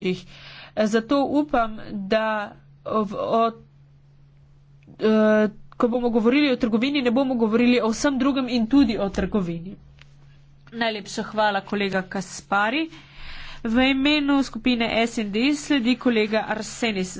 jih. Zato upam, da v, o, e, ko bomo govorili o trgovini, ne bomo govorili o vsem drugem in tudi o trgovini. Najlepša hvala, kolega Kaspari. V imenu skupine SND sledi kolega Arsenis.